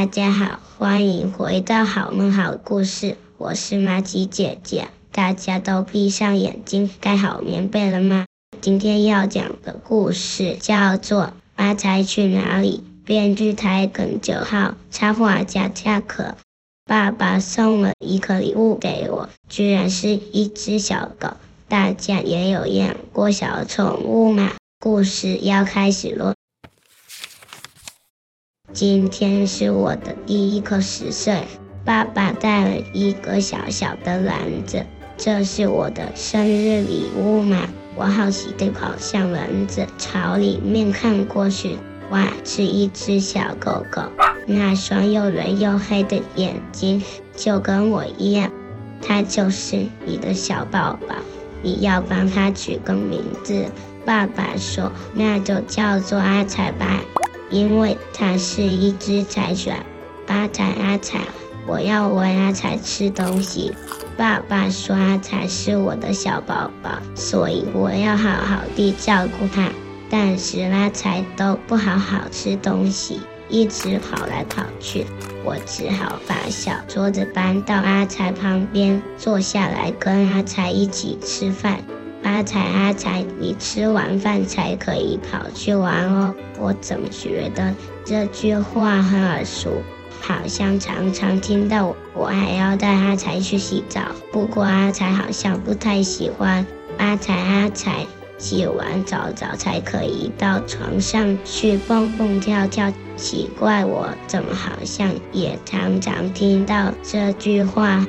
大家好，歡迎回到好夢好故事，我是麻吉姐姐。大家都閉上眼睛，蓋好棉被了嗎？今天要講的故事叫做《阿財去哪裡》。編劇台梗九號，插畫家恰可。爸爸送了一個禮物給我，居然是一隻小狗。大家也有養過小寵物嗎？故事要開始咯。今天是我的第一個十歲，爸爸帶了一個小小的籃子，這是我的生日禮物嗎？我好奇地跑向籃子，朝裡面看過去，哇，是一隻小狗狗，那雙又圓又黑的眼睛就跟我一樣。它就是你的小寶寶，你要幫它取個名字。爸爸說，那就叫做阿財吧。因為它是一只柴犬，阿財阿財，我要餵阿財吃東西。爸爸說阿財是我的小寶寶，所以我要好好地照顧它。但是阿財都不好好吃東西，一直跑來跑去，我只好把小桌子搬到阿財旁邊坐下來，跟阿財一起吃飯。阿財阿財，你吃完飯才可以跑去玩哦。我總覺得這句話很耳熟，好像常常聽到我。我還要帶阿財去洗澡，不過阿財好像不太喜歡。阿財阿財，洗完澡澡澡才可以到床上去蹦蹦跳跳。奇怪我，我怎麼好像也常常聽到這句話？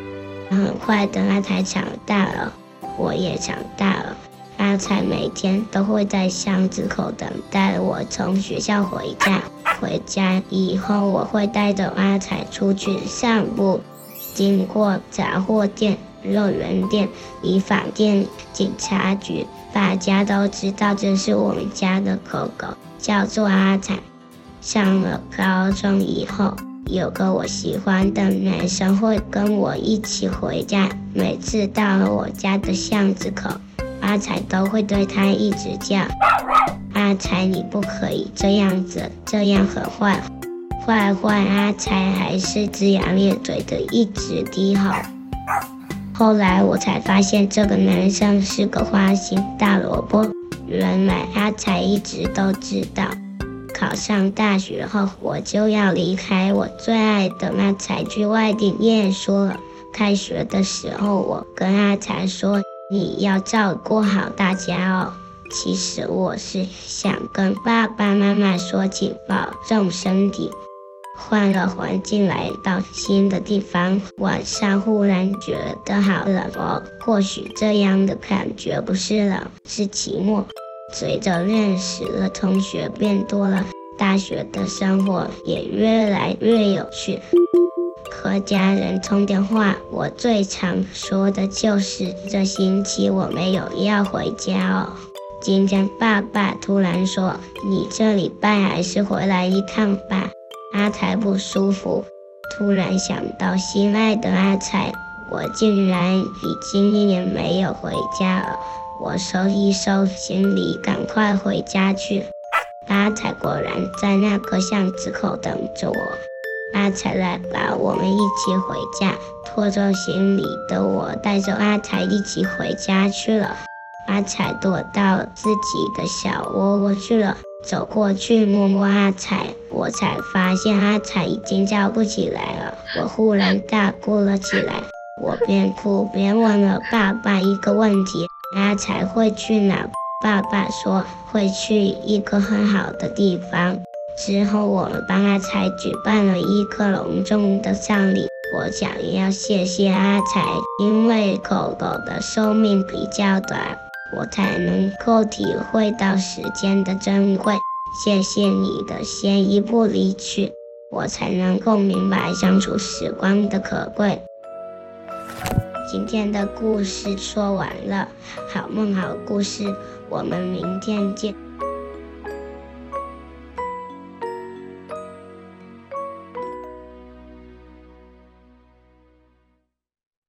很快的，阿財長大了。我也長大了，阿財每天都會在巷子口等待我從學校回家。回家以後，我會帶着阿財出去散步，經過雜貨店、肉圓店、理髮店、警察局。大家都知道，這是我們家的狗狗，叫做阿財。上了高中以後。有個我喜歡的男生會跟我一起回家，每次到了我家的巷子口，阿財都會對他一直叫：“ 阿財，你不可以這樣子，這樣很壞，壞壞！”阿財還是齜牙咧嘴的一直低吼。後來我才發現這個男生是個花心大蘿蔔，原來阿財一直都知道。考上大學後，我就要離開我最愛的阿財去外地念書了。開學的時候，我跟阿財說：“你要照顧好大家哦。”其實我是想跟爸爸媽媽說，請保重身體。換了環境來，來到新的地方，晚上忽然覺得好冷哦。或許這樣的感覺不是冷，是寂寞。隨着認識的同學變多了，大學的生活也越來越有趣。和家人通電話，我最常說的就是這星期我沒有要回家哦。今天爸爸突然說：“你這禮拜還是回來一趟吧，阿財不舒服。”突然想到心愛的阿財，我竟然已經一年沒有回家了。我收一收行李，趕快回家去。阿財果然在那個巷子口，等着我。阿財，來吧，我們一起回家。拖着行李的我，帶着阿財一起回家去了。阿財躲到自己的小窩窩去了。走過去摸摸阿財，我才發現阿財已經叫不起來了。我忽然大哭了起來。我邊哭邊問了爸爸一個問題。阿財會去哪？爸爸說，會去一個很好的地方。之後，我們幫阿財舉辦了一個隆重的葬禮。我想要謝謝阿財，因為狗狗的壽命比較短，我才能夠體會到時間的珍貴。謝謝你的先一步離去，我才能夠明白相處時光的可貴。今天的故事說完了，好夢好故事，我們明天見。